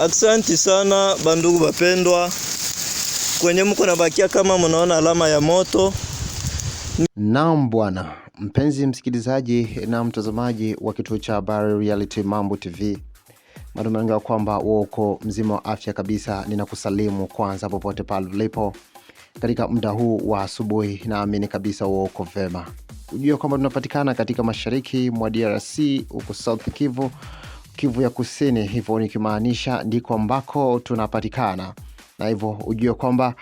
asanti sana bandugu bapendwa, kwenye mko nabakia, kama mnaona alama ya moto. Naam bwana mpenzi msikilizaji na mtazamaji wa kituo cha habari Reality Mambo TV, matumaini ya kwamba uko mzima wa afya kabisa. Ninakusalimu kwanza popote pale ulipo katika muda huu wa asubuhi, naamini kabisa uko vema. Ujue kwamba tunapatikana katika mashariki mwa DRC huko South Kivu Kivu ya Kusini, hivyo nikimaanisha ndiko ambako tunapatikana, na hivyo ujue kwamba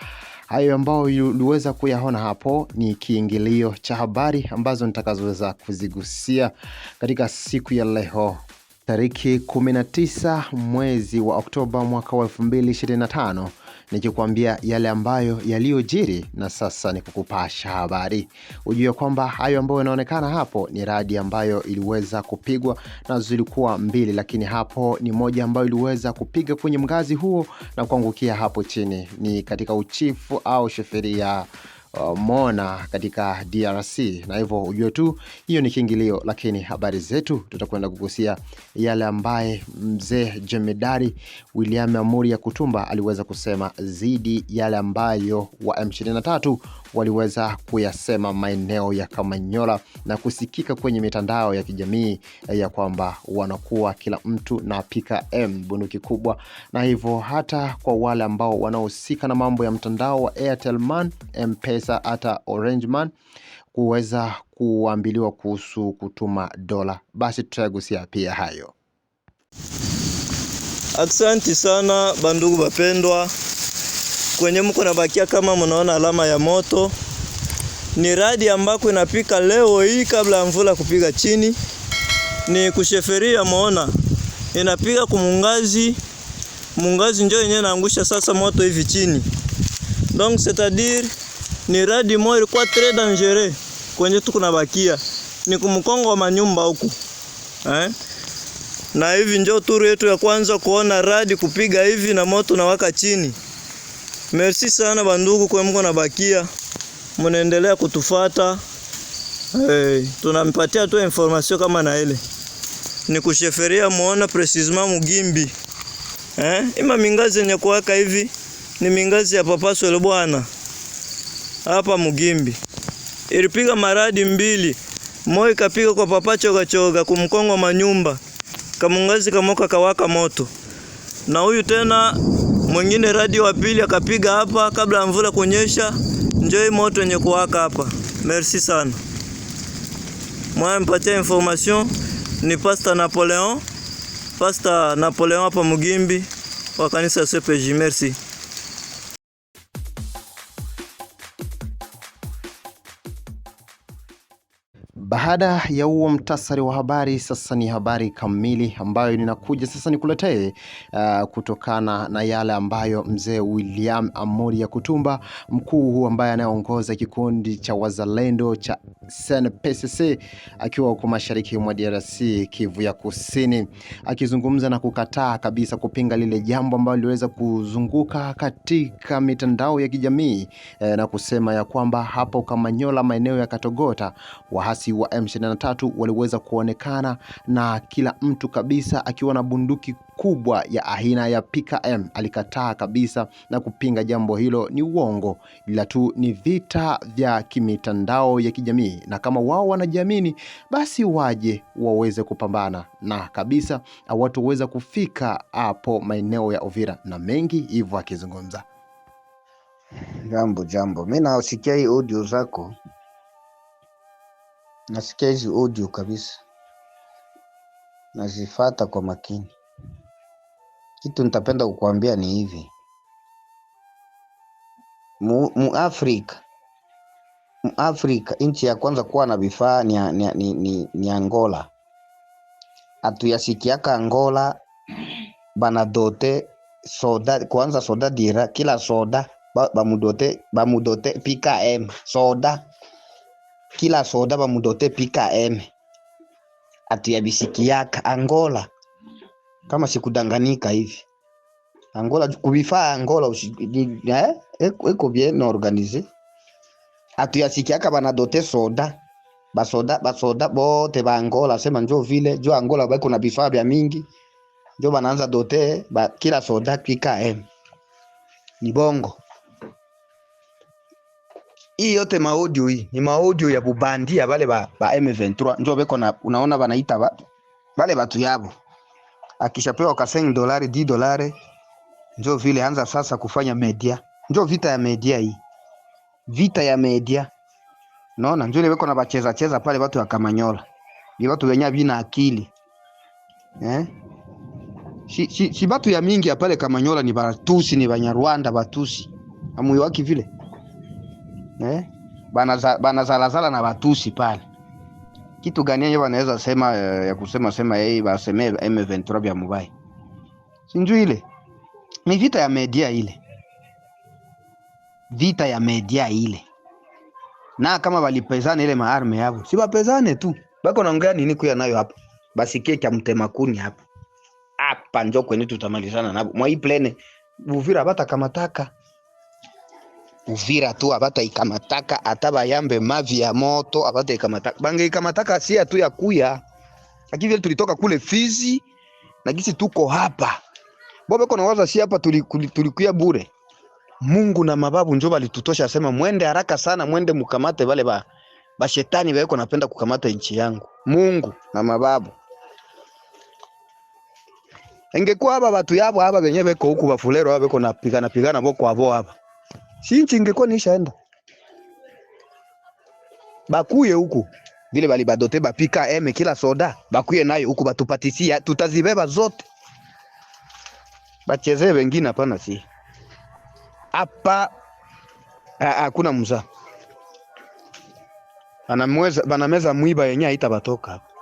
hayo ambayo uliweza kuyaona hapo ni kiingilio cha habari ambazo nitakazoweza kuzigusia katika siku ya leo tariki 19 mwezi wa Oktoba mwaka wa 2025 nikikwambia yale ambayo yaliyojiri, na sasa ni kukupasha habari, ujue kwamba hayo ambayo yanaonekana hapo ni radi ambayo iliweza kupigwa na zilikuwa mbili, lakini hapo ni moja ambayo iliweza kupiga kwenye mgazi huo na kuangukia hapo chini, ni katika uchifu au sheferia Uh, Mona katika DRC, na hivyo ujue tu hiyo ni kiingilio, lakini habari zetu tutakwenda kugusia yale ambaye mzee jemedari William Amuri ya Kutumba aliweza kusema dhidi yale ambayo wa M23 waliweza kuyasema maeneo ya Kamanyola na kusikika kwenye mitandao ya kijamii eh, ya kwamba wanakuwa kila mtu na pika m bunduki kubwa, na hivyo hata kwa wale ambao wanaohusika na mambo ya mtandao wa Airtelman, Mpesa pesa hata Orange Man kuweza kuambiliwa kuhusu kutuma dola. Basi tutayagusia pia hayo. Asante sana bandugu wapendwa kwenye mko nabakia, kama mnaona alama ya moto ni radi ambako inapika leo hii kabla ya mvula kupiga chini, ni kusheferia maona inapiga kumungazi mungazi, njoo yenyewe naangusha sasa moto hivi chini donc c'est-à-dire ni radi moja ilikuwa tres dangereux kwenye tu kuna bakia Ni kumkongo wa manyumba huku. Eh? Na hivi njoo turu yetu ya kwanza kuona radi kupiga hivi na moto na waka chini. Merci sana bandugu kwa mko na bakia Mnaendelea kutufata. Hey, eh, tunampatia tu information kama na ile. Ni kusheferia muona precisement Mugimbi. Eh? Ima mingazi yenye kuwaka hivi ni mingazi ya papaso Swele bwana hapa Mugimbi. Ilipiga maradi mbili, moyo ikapiga kwa papacho kachoga kumkongwa manyumba, kamungazi kamoka kawaka moto. Na huyu tena mwingine radio wa pili akapiga hapa kabla ya mvula kunyesha, njoi moto yenye kuwaka hapa. Merci sana. Mwa mpatia information ni Pastor Napoleon, Pastor Napoleon hapa Mugimbi wa kanisa CPJ. Merci. Baada ya huo mtasari wa habari, sasa ni habari kamili ambayo ninakuja sasa nikuletee uh, kutokana na yale ambayo mzee William Amuri kutumba mkuu huu ambaye anayeongoza kikundi cha wazalendo cha SNPCC akiwa huko mashariki mwa DRC, Kivu ya Kusini, akizungumza na kukataa kabisa kupinga lile jambo ambalo liliweza kuzunguka katika mitandao ya kijamii eh, na kusema ya kwamba hapo Kamanyola, maeneo ya Katogota wahasi wa wa M23 waliweza kuonekana na kila mtu kabisa akiwa na bunduki kubwa ya aina ya PKM. Alikataa kabisa na kupinga jambo hilo ni uongo, ila tu ni vita vya kimitandao ya kijamii, na kama wao wanajiamini basi waje waweze kupambana na kabisa waweza kufika hapo maeneo ya Uvira na mengi hivyo akizungumza. Jambo jambo, mi nasikia hii audio zako Nasikia hizi audio kabisa, nazifata kwa makini. Kitu nitapenda kukuambia ni hivi, Muafrika mu Muafrika, nchi ya kwanza kuwa na vifaa ni, ni, ni, ni, ni Angola. Hatuyasikiaka Angola banadote soda kwanza, soda dira kila soda bamudote bamudote pika m soda kila soda bamudote PKM ati yabisikiaka Angola, kama sikudanganika hivi Angola kubifaa Angola eh, eko bien organize atu banadote soda basoda basoda bote ba Angola sema njo vile jo Angola bako na bifaa vya mingi njo banaanza dote ba, kila soda m ni bongo hii yote maudio hii ni maudio ya bubandia bale ba, ba M23 njo beko na unaona banaita ba, bale batu yabo akishapewa ka dolari di dolari njo vile anza sasa kufanya media, njo vita ya media hii, vita ya media naona njo beko na bacheza cheza pale batu ya Kamanyola ni batu wenye bina akili eh si, si, si batu ya mingi ya pale Kamanyola ni Batusi, ni Banyarwanda Batusi amuyo waki vile eh? Bana zalazala na batusi pale, kitu gani yeye wanaweza sema eh, ya kusema sema yeye baseme M23 vya mubai sinjui. Ile ni vita ya media ile, vita ya media ile, na kama walipezana ile maarme yao si wapezane tu, bako naongea nini kuya nayo hapa, basi keki amtema kuni hapa hapa, njoo kweni tutamalizana nabo mwa hii plane Uvira bata taka Uvira tu abatayikamataka ata bayambe mavi ya moto abatayikamataka, bangeikamataka sia tu ya kuya lakini vile tulitoka kule Fizi na gisi tuko hapa bobe kona waza si hapa tulikuya bure. Mungu na mababu njo balitutosha, sema mwende haraka sana, mwende mukamate wale ba ba shetani baweko napenda kukamata nchi yangu. Mungu na mababu ingekuwa hapa batu yabo hapa benye beko huku bafulero hapa beko napigana pigana boko abo hapa si nchi ingekuwa niishaenda bakuye huku vile bali badote bapika eme kila soda bakuye nayo huku batupatisia, tutazibeba zote, bachezee wengine. Hapana, si hapa, hakuna mzaa anamweza banameza mwiba yenye haita batoka hapa.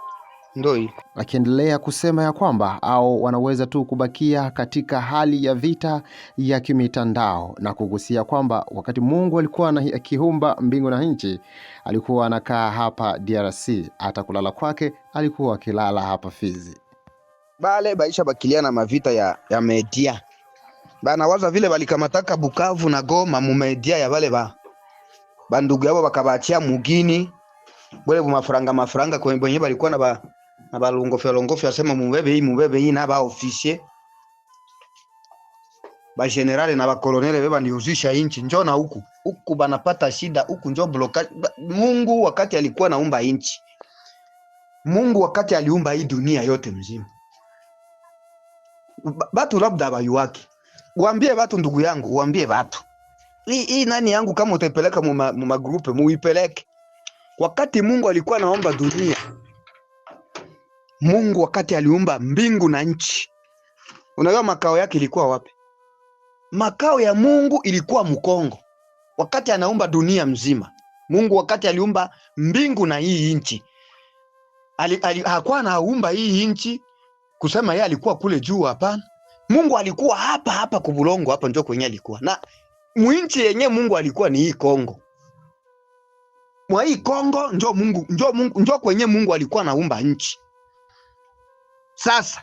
Ndoi akiendelea kusema ya kwamba au wanaweza tu kubakia katika hali ya vita ya kimitandao na kugusia kwamba wakati Mungu alikuwa akiumba mbingu na nchi alikuwa anakaa hapa DRC, hata kulala kwake alikuwa akilala hapa Fizi. Bale baisha bakilia na mavita ya, ya media banawaza vile balikamataka Bukavu na Goma mumedia ya bale ba bandugu yabo bakabachia mugini bwele bumafaranga mafaranga kwenye balikuwa na ba na abalongoferongofe asema mubebe hii mubebe hii na baofisier bagenerale na bakolonele beba niuzisha inchi njo na huku huku banapata shida huku njo blokaji. Mungu wakati alikuwa naumba inchi, Mungu wakati aliumba hii dunia yote mzima, batu labda bayuwaki. Uambie batu ndugu yangu, uambie batu hii hii nani yangu, kama utaipeleka mu magrupe muipeleke. Wakati Mungu alikuwa naomba dunia Mungu wakati aliumba mbingu na nchi, unajua makao yake ilikuwa wapi? Makao ya Mungu ilikuwa Mkongo wakati anaumba dunia mzima. Mungu wakati aliumba mbingu na hii nchi ali, ali, hakuwa anaumba hii nchi kusema yeye alikuwa kule juu. Hapana, Mungu alikuwa hapa hapa kubulongo hapa, ndio kwenye alikuwa na mwinchi yenye Mungu alikuwa ni hii Kongo mwa hii Kongo njo Mungu, njo Mungu, njo kwenye Mungu alikuwa anaumba nchi. Sasa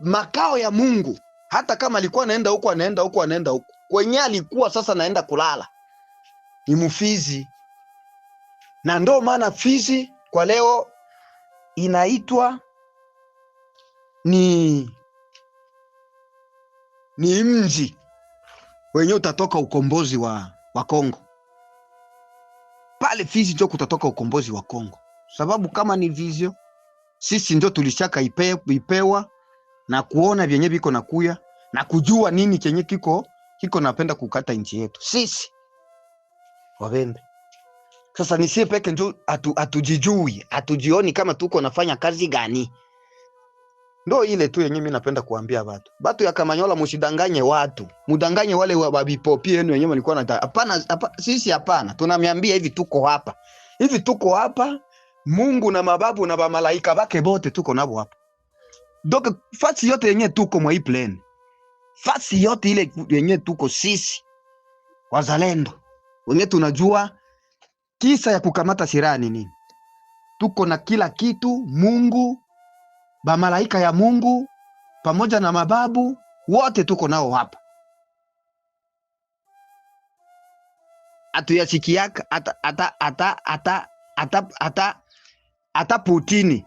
makao ya Mungu, hata kama alikuwa anaenda huko anaenda huko anaenda huko, kwenye alikuwa sasa naenda kulala ni Mfizi, na ndo maana Fizi kwa leo inaitwa ni ni mji wenye utatoka ukombozi wa, wa Kongo pale Fizi ndio kutatoka ukombozi wa Kongo, sababu kama ni vizio sisi ndio tulishaka ipe, ipewa na kuona vyenye viko na kuya na kujua nini chenye kiko kiko napenda kukata nchi yetu sisi wabembe. Sasa ni sie peke ndio atu, atujijui atujioni kama tuko nafanya kazi gani. Ndo ile tu yenye mimi napenda kuambia watu batu ya Kamanyola, mushidanganye watu, mudanganye wale wabipopi yenu wenyewe walikuwa na hapana. Sisi hapana, tunamwambia hivi, tuko hapa hivi, tuko hapa Mungu na mababu na bamalaika bake bote tuko nabo hapa. Doka fasi yote yenye tuko mwa hii plane. Fasi yote ile yenye tuko sisi wazalendo wenye tunajua kisa ya kukamata silaha ni nini. Tuko na kila kitu, Mungu, bamalaika ya Mungu pamoja na mababu wote tuko nao hapa. Atuyasikiaka ata ata ata ata ata hata Putini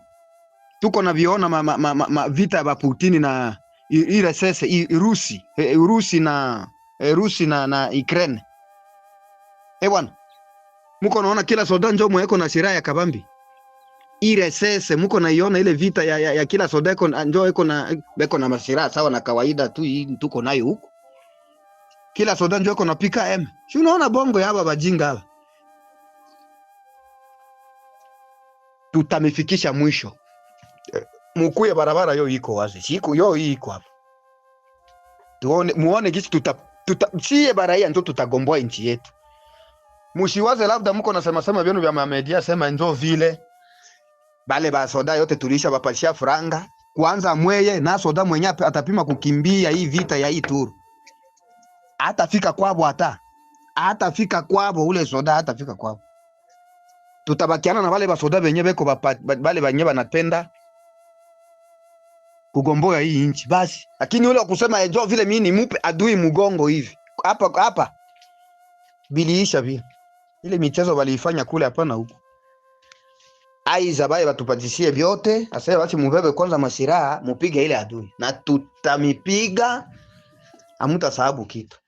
tuko na viona ma, ma, ma, ma, vita ya Putini na ile sese Urusi Urusi e, na Urusi e, na na Ukraine. Eh bwana, muko naona kila soda njomo yako na silaha ya kabambi ile sese, muko naiona ile vita ya, ya, ya kila soda yako njoo yako na beko na masiraha sawa na kawaida tu, hii tuko nayo huko. Kila soda njo yako na pika M. si unaona bongo ya baba jinga hapa tutamefikisha mwisho. Eh, mkuu ya barabara yo iko wazi, siku yo iko hapo, tuone muone gisi tuta, tuta chie baraia ndo tutagomboa nchi yetu. Mushiwaze labda mko nasema sema vyenu vya mamedia sema ndo vile bale ba soda yote tulisha bapalisha franga kwanza mweye na soda mwenye atapima kukimbia hii vita ya hii turu, atafika kwabo, hata atafika kwabo ule soda atafika kwabo tutabakiana na wale basoda benye beko bale banye banapenda kugomboa hii inchi basi, lakini ule wakusema ejo eh, vile mimi ni mupe adui mugongo hivi hapa hapa biliisha vile ile michezo waliifanya kule, hapana huko aiza baye batupatishie vyote. Asa basi mubebe kwanza masiraha mupige ile adui, na tutamipiga amuta sababu kitu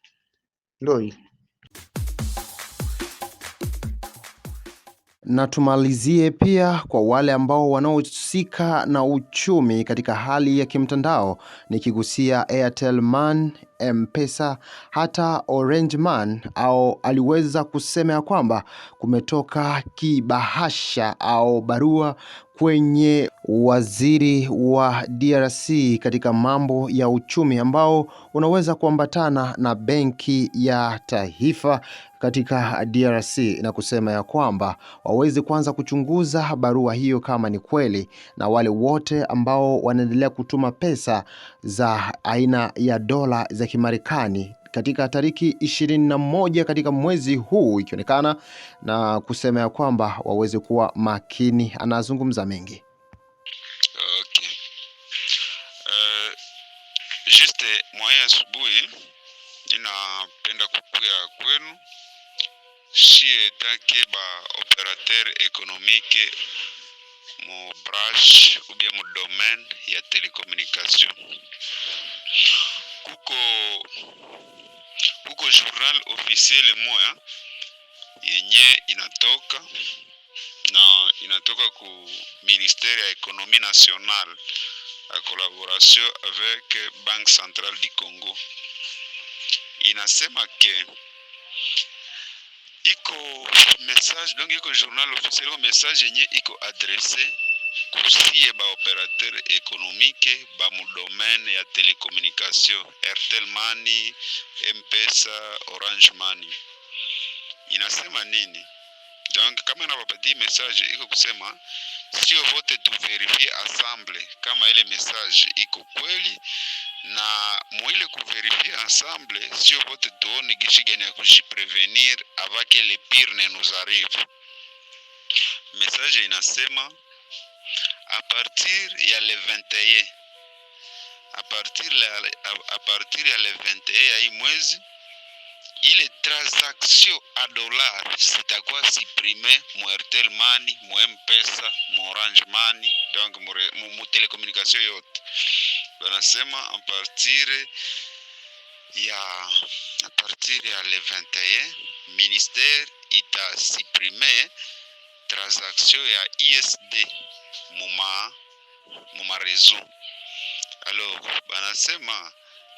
ndio ile Na tumalizie pia kwa wale ambao wanaohusika na uchumi katika hali ya kimtandao, nikigusia Airtel Man, M-Pesa hata Orange Man au aliweza kusema ya kwamba kumetoka kibahasha au barua kwenye waziri wa DRC katika mambo ya uchumi ambao unaweza kuambatana na benki ya taifa katika DRC na kusema ya kwamba waweze kuanza kuchunguza barua hiyo kama ni kweli, na wale wote ambao wanaendelea kutuma pesa za aina ya dola za Kimarekani katika tariki 21 katika mwezi huu ikionekana na kusema ya kwamba waweze kuwa makini. Anazungumza mengi okay. Uh, juste mwaye asubuhi, ninapenda kukuya kwenu shie etake ba operateur ekonomike mu branche ou bien mu domaine ya telecommunication kuko Le journal officiel moya hein. yenye inatoka na inatoka ku ministere ya nationale en collaboration avec Banque Centrale du Congo inasema ke iko message donc iko journal officiel iko message yenye iko adressé. coursier baopérateur économique ba mu domaine ya telecommunication Airtel Money, mpesa Orange Money. Inasema nini? Donc kama nawapatia message iko kusema sio vote tuverifie ensemble kama ile message iko kweli na mwile kuverifie ensemble, sio vote tuone gishi gani ya kujiprevenir avant le pire ne nous arrive. Message inasema à partir ya le 21 à partir ya, à, à partir a le 21 à hii mwezi ile transaction à dollar quoi supprime mu Airtel Money, mon M-Pesa, mon Orange Money, donc mu, télécommunication telecommunication yote. Banasema a partir ya a partir le 21 ministère ita supprimé hein, transaction à ISD muma muma rezo alors banasema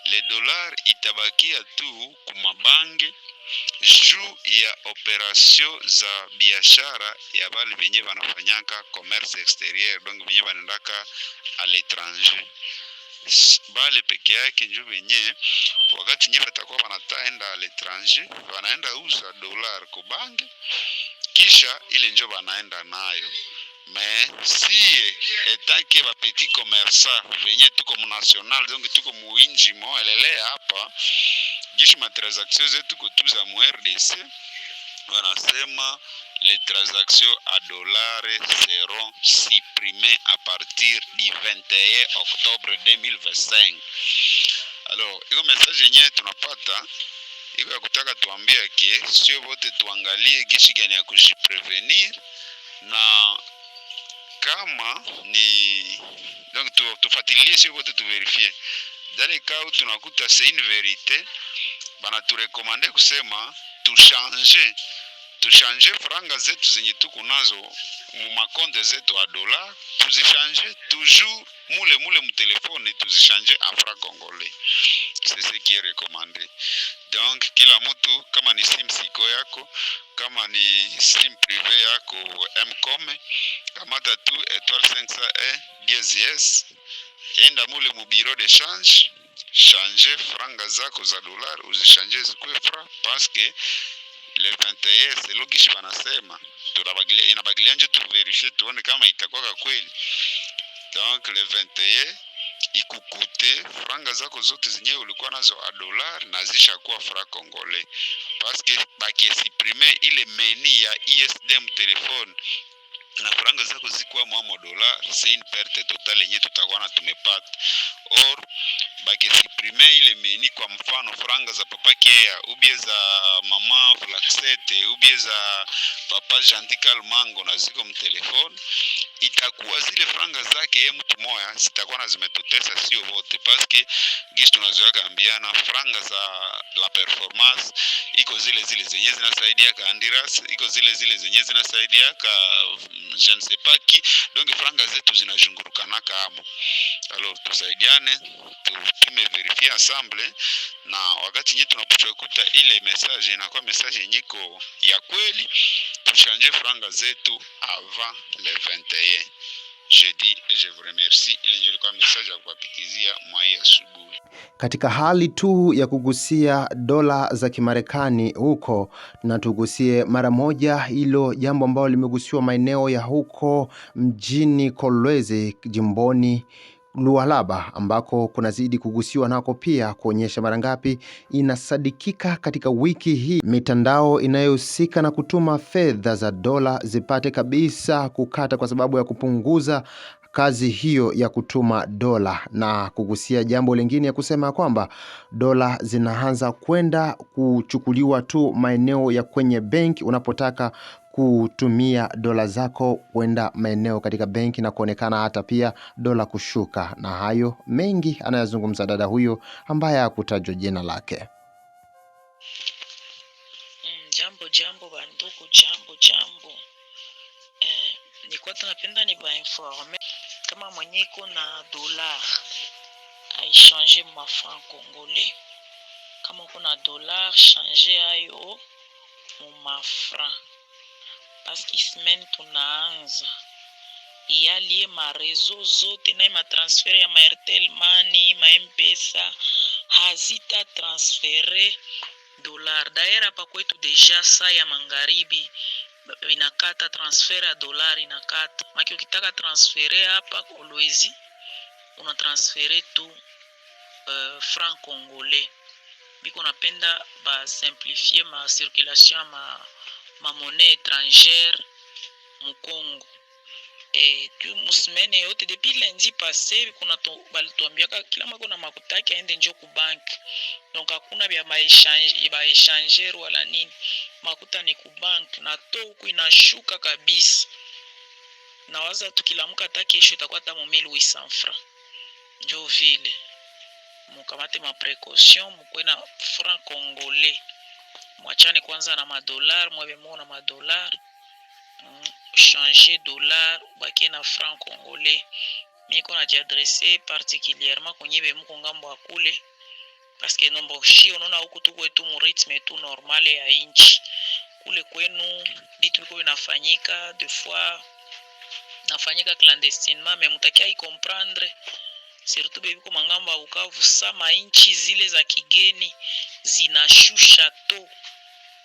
le dollar itabakia tu kumabange juu ya operasio za biashara ya bale venye banafanyaka commerce exterieur donc venye banaendaka a l'étranger bale peke yake njo venye wakati nye batakuwa banataenda a l'étranger banaenda uza dolar kubange kisha ile njo banaenda nayo mais me que etaki petit commerçant venye tuko national donc tuko muinji mo elele hapa jishi matransaktio zetu kutuza mu RDC wanasema les transactions à dollars seront supprimées à partir du 21 octobre 2025. Alors, iko message yenyewe tunapata iko ya kutaka tuambie ke sio vote tuangalie gishi gani ya kujiprevenir na kama ni donc tu, tufuatilie sio wote tuverifie dale kau tunakuta c'est une tu banaturekomande kusema tu changer franga zetu zenye tuko nazo makonde zetu a dola tuzishanje toujours mule mule mutelefone tuzishanje afra congolais c'est ce qui est recommandé Donc kila mtu kama ni sim siko yako, kama ni sim prive yako Mcom, kamata tu étoile e DZS, enda mule mu bureau de change, change franga zako za dollar uzishange zikuwe franc parce que le 21 selo kishi wanasema tunabagilia, inabagilia nje tuverifie tuone kama itakuwa kweli. Donc le 21 ikukute franga zako zote zenyewe ulikuwa nazo a dollar na zishakuwa fra congolais, paske bakiesiprime ile meni ya isd telefone na franga zako zikuwa mwa dola c'est une perte totale yenye tutakuwa na tumepata or bakesiprime ile meni kwa mfano franga za papa kea ubie za mama flaxete ubie za papa jantical mango na ziko mtelefone itakuwa zile franga zake ye mtu moya zitakuwa na zimetutesa sio vote paske gisi tunazoea kaambiana franga za la performance iko zile zile zenye zinasaidia andiras iko zile zile zenye zinasaidia ka je ne sais pas qui, donc franga zetu zinazungurukanaka hapo. Alo, tusaidiane tume verifie ensemble, na wakati nyinyi tunapochoa kuta ile message inakuwa message nyiko ya kweli, tushanje franga zetu avant le 21 jeudi, je vous remercie. Ile ilikuwa message ya kuwapitizia mwai asubuhi. Katika hali tu ya kugusia dola za Kimarekani huko, na tugusie mara moja hilo jambo ambalo limegusiwa maeneo ya huko mjini Kolwezi jimboni Lualaba ambako kunazidi kugusiwa nako pia kuonyesha mara ngapi inasadikika katika wiki hii mitandao inayohusika na kutuma fedha za dola zipate kabisa kukata kwa sababu ya kupunguza kazi hiyo ya kutuma dola na kugusia jambo lingine ya kusema kwamba dola zinaanza kwenda kuchukuliwa tu maeneo ya kwenye benki unapotaka kutumia dola zako kwenda maeneo katika benki na kuonekana hata pia dola kushuka, na hayo mengi anayazungumza dada huyo ambaye hakutajwa jina lake. Mm, jambo jambo banduku, jambo jambo eh, ni kwa tunapenda ni ba informe kama mwenye iko na dola aishanje ma franc congolais. kama kuna dola change ayo mu ma franc paske semaine tunaanza iyalie marezo zote naye matransfere ya maertel mani mampesa hazita transfere dolar daera apa kwetu deja sa ya magharibi inakata transfere ya dolar inakata maki ukitaka transfere hapa olwezi unatransfere tu uh, franc congolais biko napenda basimplifie ma circulation ma ma monnaie étrangère mu Congo. E, musimene yote depuis lundi passé kuna balituambiaka kila mwako na makuta aende njo ku banke donc hakuna vya baeshanger wala nini, makuta ni ku banki na to huku inashuka kabisa. Nawaza tukilamuka hata kesho itakuwa hata mu 1800 francs, njo vile mukamate ma precaution mukwe na franc congolais. Mwachane kwanza na madolar, mwabe muona madolar hmm, changer dollar bakie na franc congolais miko na tiadresse particulièrement kwenye be ngambo ya kule paske nombo shi unaona huku tu kwetu mu rythme tu normale ya inchi kule kwenu vitu viko vinafanyika des fois nafanyika clandestinement mais mutakia i comprendre Siritu beviko mangambo ya Bukavu, sama inchi zile za kigeni zinashusha to,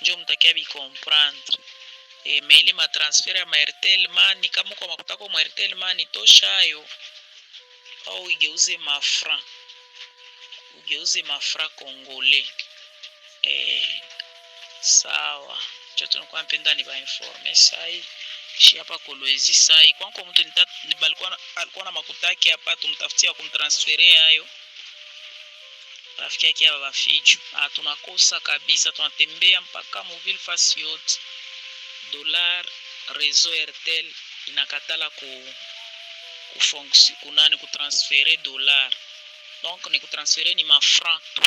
njo mtakia bikomprendre e, meile matransfer ya maertel mani kama uko makutako maertel mani toshayo, au igeuze mafra ugeuze mafra kongole e, sawa njo tunakuwa mpenda ni bainforme sai shi hapa Kolwezi sai kwanko mtu balikuwa alikuwa na makuta yake hapa, tumtafutia kumtransferia hayo rafiki yake ya baba Fijo. Ah, tunakosa kabisa, tunatembea mpaka muville fasi yote, dolar reseau RTL inakatala ku kufonksi kunani kutransfere dolar, donc ni kutransfere ni mafranc tu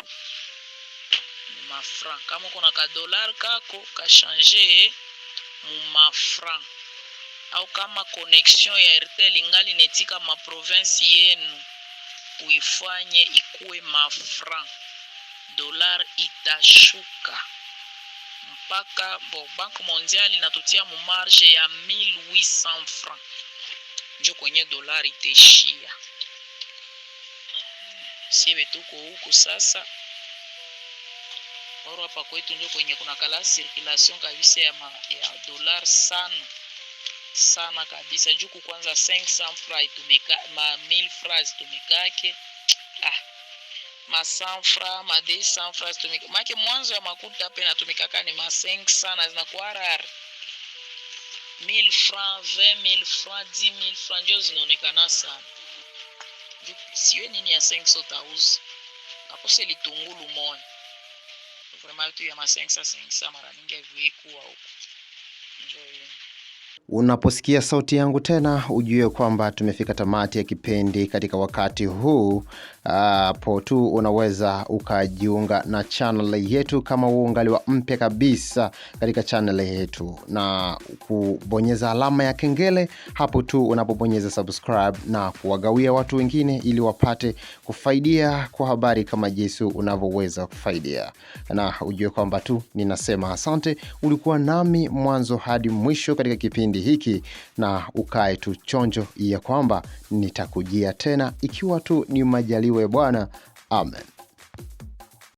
ni mafranc. Kama uko na kadolar kako kashanje mumafranc au kama connection ya Airtel ingali netika maprovinsi yenu, uifanye ikuwe mafran, dolar itashuka mpaka bo Banque Mondiale inatutia marge ya 1800 francs njo kwenye dolari iteshia. Siebe tuko huku sasa, oro hapa kwetu njo kwenye kuna kala circulation kabisa ya, ya dolar sana sana kabisa juku kwanza 500 fry tumeka ma 1000 fries tumekake ah ma 100 fra ma 200 fries tumeka maana mwanzo ya makuta hapa inatumikaka ni ma 5 sana zinakuwa rare 1000 francs 20000 francs 10000 francs ndio zinaonekana sana siyo nini ya 500 tauzi akose litungulu moya vraiment tu ya ma 500 500 mara mingi haviwekuwa huko njo hiyo Unaposikia sauti yangu tena ujue kwamba tumefika tamati ya kipindi katika wakati huu hapo tu unaweza ukajiunga na channel yetu kama uungaliwa mpya kabisa katika channel yetu na kubonyeza alama ya kengele hapo tu unapobonyeza subscribe na kuwagawia watu wengine ili wapate kufaidia kwa habari kama Yesu unavyoweza kufaidia na ujue kwamba tu ninasema asante ulikuwa nami mwanzo hadi mwisho katika kipindi kipindi hiki, na ukae tu chonjo ya kwamba nitakujia tena, ikiwa tu ni majaliwe Bwana. Amen.